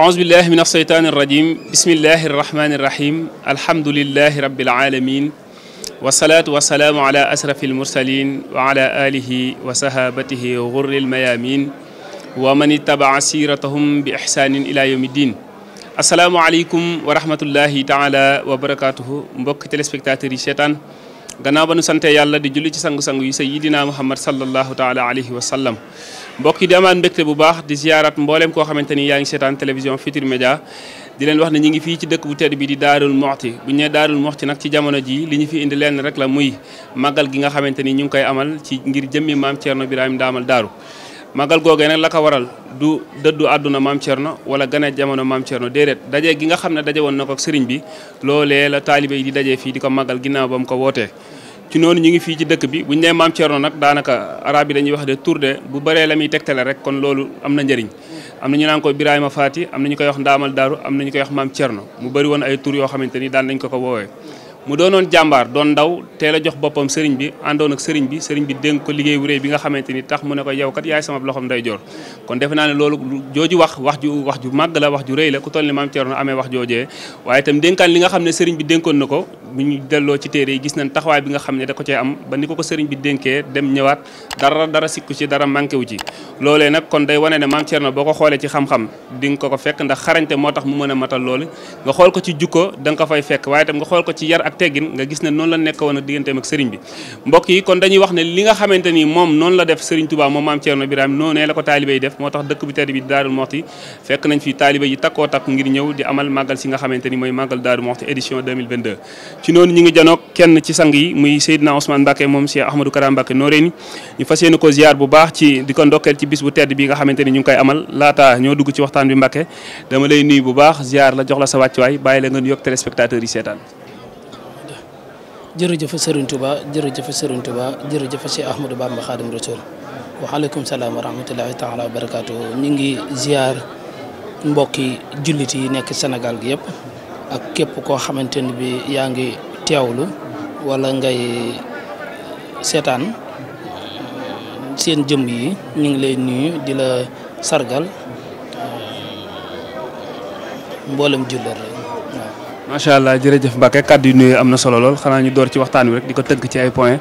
aousubillah min alsheytaan irrajim bismillahi irrahmani irrahim alhamdulilahi rabilalamin wasalaatu wasalaamu ala ashrafi almursalin wa ala alihi wa sahabatihi wa gurril mayamin wa man ittabaa siratahum bi ixsaanin ila yawmi ddin asalaamualeykum wa rahmatullahi taala wa barakatuhu mbokk téléspectateurs yi seetaan gannaaw ba nu sante yàlla di julli ci sangu-sangu yi sayidina muhammad sallallahu taala alayhi wa sallam mbokk yi di amaat mbégte bu baax di ziarat mbooleem ko xamante ni yaa ngi seetaan télévision Futurs Médias di leen wax ne ñu ngi fii ci dëkk bu tedd bi di Daarul Moxti bu ñu nee Daarul Moxti nag ci jamono ji li ñu fi indi leen rek la muy màggal gi nga xamante ni ñu ngi koy amal ci ngir jëmmi maam Thierno Birahim Daamal Daaru màggal googee nag la ko waral du dëddu àdduna maam Thierno wala gane jamono maam Thierno déedéet daje gi nga xam ne daje woon na ko sëriñ bi loolee la taalibe yi di dajee fii di ko màggal ginnaaw ba mu ko wootee ci noonu ñu ngi fii ci dëkk bi bu ñu nee maam Thierno nag daanaka arab yi dañuy wax de tour de bu bëree la muy tegtale rek kon loolu am na njëriñ am na ñu naan ko Birahima Faati am na ñu koy wax Ndaamal Daaru am na ñu koy wax maam Thierno mu bëri woon ay tur yoo xamante ni daan nañ ko ko woowee mu doonoon jàmbaar doon ndaw teel a jox boppam sëriñ bi àndoon ak sëriñ bi sëriñ bi dénk ko liggéey bu réy bi nga xamante ni tax mu ne ko yow kat yaay sama loxoom day joor kon defe naa ne loolu jooju wax wax ju wax ju màgg la wax ju rëy la ku toll ni maam amee wax joojee waaye itam dénkaan li nga xam ne sëriñ bi dénkoon na ko bu ñu delloo ci téere yi gis nañ taxawaay bi nga xam ne da ko cee am ba ni ko ko sëriñ bi dénkee dem ñëwaat dara dara sikku ci dara manqué wu ci loolee nag kon day wane ne maam Thierno boo ko xoolee ci xam-xam di nga ko ko fekk ndax xarañte moo tax mu mën a matal loolu nga xool ci jukko da nga ko fekk waaye nga xool ci yar ak teggin gis ne noonu la nekk woon ak digganteem ak sëriñ yi kon dañuy wax li nga xamante ni moom noonu la def sëriñ Touba moom maam Thierno Birahim noonee la ko taalibe yi def moo tax dëkk bi tedd bi Daarul Moxti fekk nañ fi taalibe yi takkoo takk ngir ñëw di amal màggal si nga xamante ni mooy màggal Daarul Moxti édition 2022 ci noonu ñu ngi janoog kenn ci sang yi muy Seydina Ousmane Mbacke moom Cheikh Ahmadou Kara Mbacke Noreyni ñu fas yéene ko ziar bu baax ci di ko ndokkeel ci bis bu tedd bi nga xamante ni ñu ngi koy amal laata ñoo dugg ci waxtaan bi Mbacke dama lay nuyu bu baax ziar la jox la sa wàcc wàccuwaay bàyyi la nga yokk téléspectateurs yi seetaan. jërëjëf Serigne Touba jërëjëf Serigne Touba jërëjëf Cheikh Ahmadou Bamba Khadim Rasoul waaleykum salaam wa rahmatullahi taala wa barakatuh ñu ngi ziar mbokki jullit yi nekk Sénégal gi yëpp ak képp koo xamante ni bi yaa ngi teewlu wala ngay seetaan seen jëm yi ñu ngi lay nuyu di la sargal euh, mboolem jullit rek waaw. macha allah jërëjëf Mbacke kàddu yu nuyu am na solo lool xanaa ñu door ci waxtaan wi rek di ko tënk ci ay point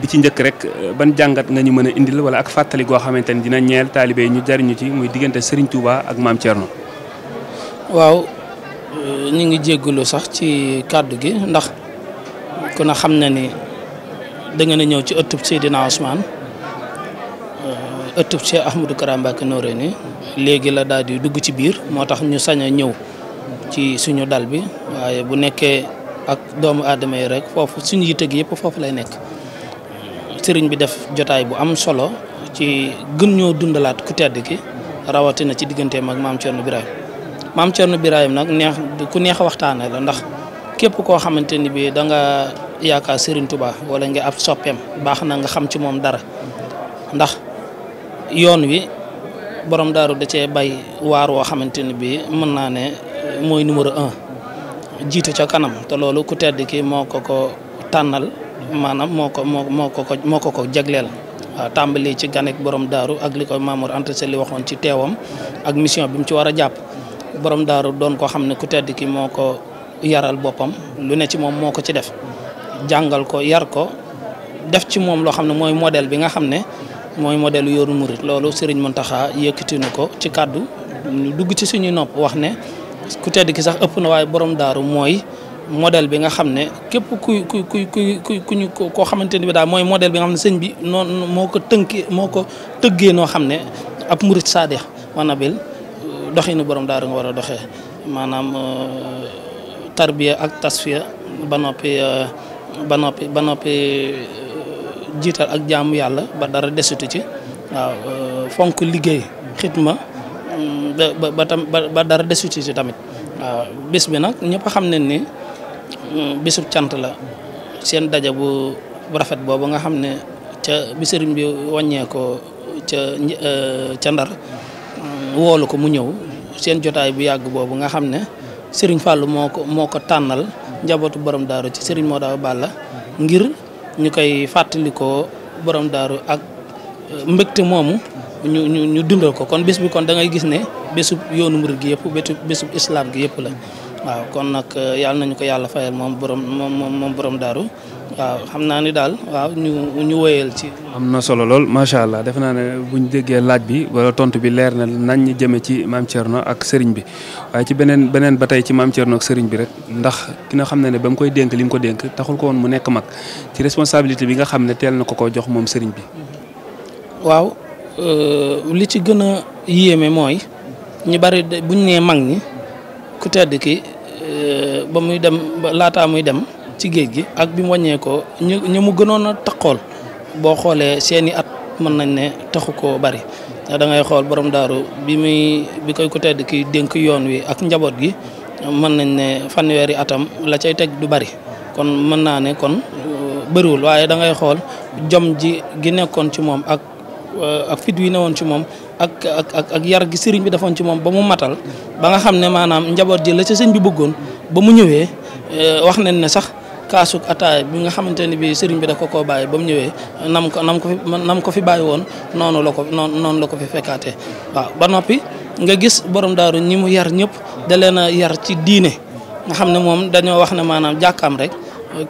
bi ci njëkk rek euh, ban jàngat nga ñu mën a indil wala ak fàttali goo xamante ni dina ñeel taalibe ñu jariñu ci muy diggante Serigne Touba ak maam Thierno. waaw. Euh, ñu ngi jéggalu sax ci kàddu gi ndax ku ne xam na ni da ngeen ñëw ci ëttub Seydina Ousmane euh, ëttub Cheikh Ahmadou Kara Mbacké Noreyni léegi la daal di dugg ci biir moo tax ñu sañ a ñëw ci suñu dal bi waaye bu nekkee ak doomu aadama yi rek foofu suñu yitte gi yëpp foofu lay nekk sëriñ bi def jotaay bu am solo ci gën ñoo dundalaat ku tedd ki rawatina ci digganteem ak maam Thierno Birahim maam Thierno Birahim nag neex ku neex a waxtaanee la ndax képp koo xamante ni bii da nga yaakaar Serigne Touba wala nga ab soppeem baax na nga xam ci moom dara ndax yoon wi borom daaru da cee bay waar woo xamante ni bii mën naa ne mooy numéro un jiitu ca kanam te loolu ku tedd ki moo ko ko tànnal maanaam moo ko moo moo ko ko moo ko ko jagleel. tàmbali ci ganek borom daaru ak li ko Mamour waxoon ci teewam ak mission bi ci war jàpp. borom daaru doon ko xam ne ku tedd ki moo ko yaral boppam lu ne ci moom moo ko ci def jàngal ko yar ko def ci moom loo xam ne mooy modèle bi nga xam ne mooy modèle yoonu murit loolu Serigne Mountakha yëkkati na ko ci kàddu dugg ci suñuy nopp wax ne ku tedd ki sax ëpp na waaye borom daaru mooy modèle bi nga xam ne képp kuy kuy kuy kuy ku ñu koo xamante ni bi daal mooy model bi nga xam ne sëñ bi noonu moo ko tënkee moo ko tëggee noo xam ne ab murit saadix wanabil doxinu borom daaru nga war a doxee maanaam euh, tarbiya ak tasfiya ba noppi euh, ba noppi ba noppi euh, jiital ak jaamu yàlla ba dara desitu ci waaw fonk liggéey xitma mm, ba tam ba dara desuti ci tamit waaw bis bi nag ñëpp xam ne ni mm, bisub cant la seen daja bu rafet booba nga xam ne ca bi sëriñ bi wàññee ca ca ndar woolu ko mu ñëw seen jotaay bu yàgg boobu nga xam ne sëriñ fàll moo ko moo ko tànnal njabootu borom daaru ci sëriñ moo daaw Balla ngir ñu koy fàttalikoo borom daaru ak euh, mbégte moomu ñu ñu ñu dundal ko kon bés bi kon dangay gis ne bésu yoonu murid gi yëpp bésub islam gi yëpp la waaw kon nag euh, yàlla nañu ko yàlla fayal moom borom moom moom borom daaru waaw xam naa ni daal waaw ñu ñu woyal ci. am na solo lool macha allah defe naa ne buñ ñu déggee laaj bi wala tontu bi leer na nañ ñi jëme ci maam Thierno ak sëriñ bi waaye ci beneen beneen ba tey ci maam Thierno ak sëriñ bi rek ndax ki nga xam ne ne ba mu koy dénk li mu ko dénk taxul ko woon mu nekk mag ci responsabilité bi nga xam ne teel na ko koo jox moom sëriñ bi. waaw euh, li ci gën a yéeme mooy ñu bari buñ nee mag ñi ku tedd ki euh, ba muy dem laataa muy dem. ci géej gi ak bi mu wàññee ñu ñu mu gënoon a taxool boo xoolee seeni at mën nañ ne taxu koo bari dangay xool borom daaru bi muy bi koy ko tedd ki dénk yoon wi ak njaboot gi mën nañ ne fanweeri atam la cay teg du bari kon mën naa ne kon uh, bëriwul waaye da ngay xool jom ji gi nekkoon ci moom ak uh, ak fit wi newoon ci moom ak ak ak yar gi sëriñ bi defoon ci moom ba mu matal ba nga xam ne maanaam njaboot ji la ca bi bëggoon ba mu ñëwee uh, wax nañ ne sax kaasuk ataay bi nga xamante ne bii sëriñ bi da ko koo bàyyi ba mu ñëwee nam ko ko fi nam ko fi bàyyi woon noonu la ko noonu la ko fi fekkaatee waa ba noppi nga gis borom daaru ñi mu yar ñëpp da leen a yar ci diine nga xam ne moom dañoo wax ne maanaam jàkkaam rek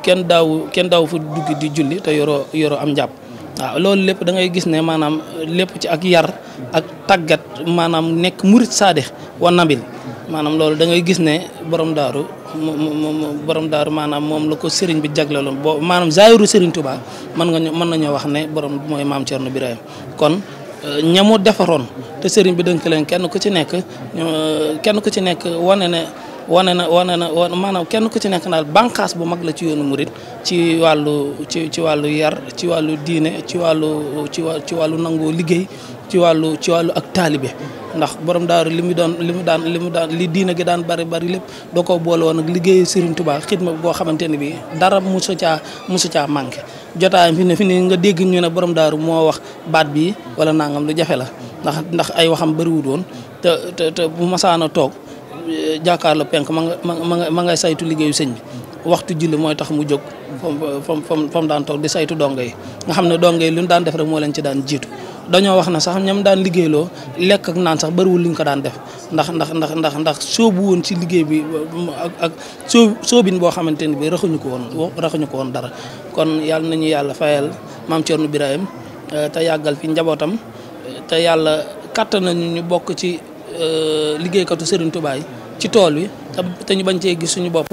kenn daaw kenn daaw fa dugg di julli te yoroo yoroo am njàpp waaw loolu lépp dangay ngay gis ne maanaam lépp ci ak yar ak tàggat manam nekk murit saadix wa nabil maanaam loolu da gis ne borom daaru moom borom daaru maanaam moom la ko sëriñ bi jagleloon boo maanaam zaayiru sëriñ Touba mën nga mën nañoo wax ne borom mooy maam Thierno Birahim kon euh, ñamu defaroon te sëriñ bi dënk leen kenn ku ci nekk euh, kenn ku ci nekk wane ne wane na wane na maanaam kenn ku ci nekk daal bànqaas bu mag la ci yoonu murit ci wàllu ci ci wàllu yar ci wàllu diine ci wàllu ci wàllu nangoo liggéey ci wàllu ci wàllu ak taalibe ndax borom daaru li mu doon li mu daan li mu daan li diina gi daan bari bari lépp da ko boole woon ak liggéey Serigne Touba xidma boo xamante ne bi dara mosu caa mosu caa manqué jotaayam fi nga dégg ñu ne borom daaru moo wax baat bi wala nangam lu jafe la ndax ndax ay waxam bëriwut woon te te te bu masaana toog jàkkaarloo penk ma nga ma nga ma ngay saytu liggéeyu sëñ bi waxtu julli mooy tax mu jóg fam fam fam daan toog di saytu dongo yi nga xam ne dongo yi lu ñu daan def rek moo leen ci daan jiitu dañoo wax na sax ñam daan liggéeyloo lekk ak naan sax bariwul li ñu ko daan def ndax ndax ndax ndax ndax sóobu woon ci liggéey bi ak ak soo sóobin boo xamante ni bi raxuñu ko woon raxuñu ko woon dara kon yàlla nañu yàlla fayal maam Thierno Birahim euh, te yàggal fi njabootam te yàlla kàttan nañu ñu bokk ci euh, liggéeykatu Serigne Touba yi ci tool wi te ñu bañ cee gis suñu bopp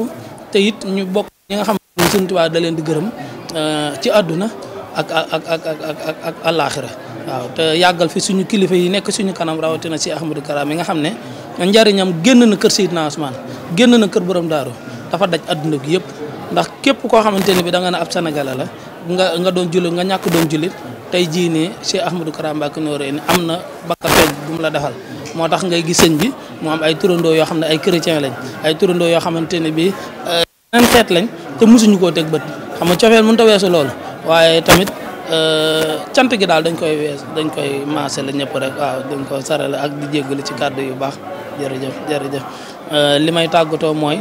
te it ñu bokk ñi nga xam ne Serigne Touba da leen di gërëm euh, ci àdduna ak ak ak ak ak ak àllaaxira waaw te yàggal fi suñu kilifa yi nekk suñu kanam rawatina si Ahmadou Kara mi nga xam ne njariñam génn na kër Seydina Ousmane génn na kër borom daaru dafa daj adduna gi yëpp ndax képp koo xamante ne bi da nga ne ab Sénégalais la nga nga doon jullit nga ñàkk doon jullit tey jii nii Cheikh Ahmadou Kara Mbacké Noreyni am na bakka feej bu mu la defal moo tax ngay gis sëñ bi mu am ay turandoo yoo xam ne ay chrétien lañ ay turandoo yoo xamante ne bi euh, neen xeet lañ te mosuñu koo teg bët xam nga cofeel mënu ta weesu loolu waaye tamit euh, cant gi daal dañ koy wees dañ koy maase la ñëpp rek waaw dañ ko sarale ak di jéggalu ci kàddu yu baax jërëjëf jërëjëf euh, li may tàggatoo mooy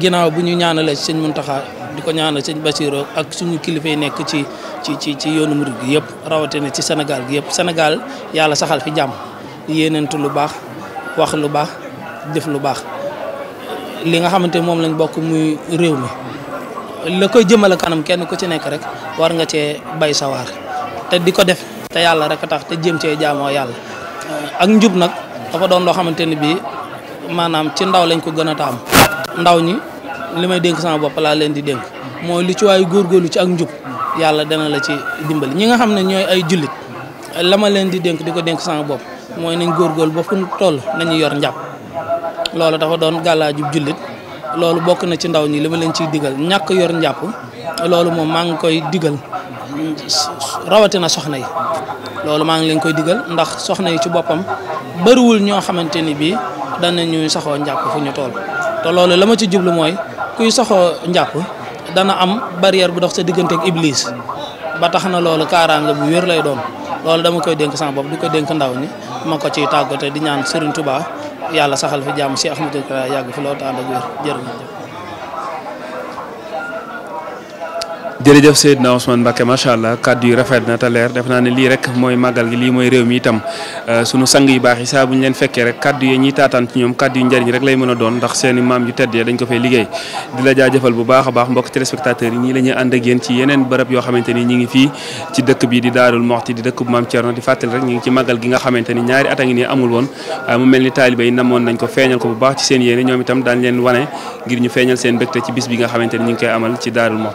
ginnaaw bu ñu ñaanalee sëñ Muntaxa ko ñaanal sëñ Basiru ak suñu kilifa yi nekk ci ci ci ci yoonu murid gi yëpp rawatina ci Sénégal gi yëpp Sénégal yàlla saxal fi jàmm yéenentu lu baax wax lu baax jëf lu baax li nga xamante moom lañ bokk muy réew mi la koy jëmale kanam kenn ku ci nekk rek war nga cee bay sawaar te di ko def te yàlla rek a tax te jëm cee jaamoo yàlla eh, ak njub nag dafa doon loo xamante ni bii maanaam ci ndaw lañ ko gën a taam ndaw ñi li may dénk sama bopp laa leen di dénk mooy li ci waayu góorgóorlu ci ak yàlla dana la ci dimbali ñi nga xam ne ñooy ay jullit lama leen di dénk di ko dénk sama bopp mooy nañ góorgóorlu ba fu toll nañu yor njàpp loolu dafa doon gàllaajub jullit loolu bokk na ci ndaw ñi li ma leen ciy digal ñàkk yor njàpp loolu moom maa ngi koy diggal rawatina soxna yi loolu maa ngi leen koy digal ndax soxna yi ci boppam bariwul ñoo xamante ni bii danañu saxoo njàpp fu ñu tool te loolu la ma ci jublu mooy kuy saxoo njàpp dana am barrière bu dox sa digganteek ak iblis ba tax na loolu kaaraange bu wér lay doon loolu dama koy denk sama bopp di ko dénk ndaw ñi ma ko ciy tàggate di ñaan Serigne Touba yàlla saxal fi jàmm si Ahmadou Kara yàgg fi loolu tax jërëjëf Seydina Ousmane Mbacke macha allah kàddu yi rafet na te leer def naa ne lii rek mooy màggal gi lii mooy réew mi itam euh, sunu sang yu baax yi saa bu ñu leen fekkee rek kàddu yi ñuy taataan ci ñoom kàddu yu njëriñ rek lay doon ndax seen maam yu tedd ya dañ ko fay baax a baax mbokk téléspectateurs yi ñii la ñuy ci yoo xamante ni ñi ngi fii dëkk bi di Daarul Moxti di dëkk bu maam Thierno di ngi ci màggal gi nga xamante ni ñaari at a ngi nii amul woon euh, ko feeñal ko bu baax ci seen ñoom itam daañ leen wane ngir ñu feeñal seen mbégte ci bis ni ñi ngi koy amal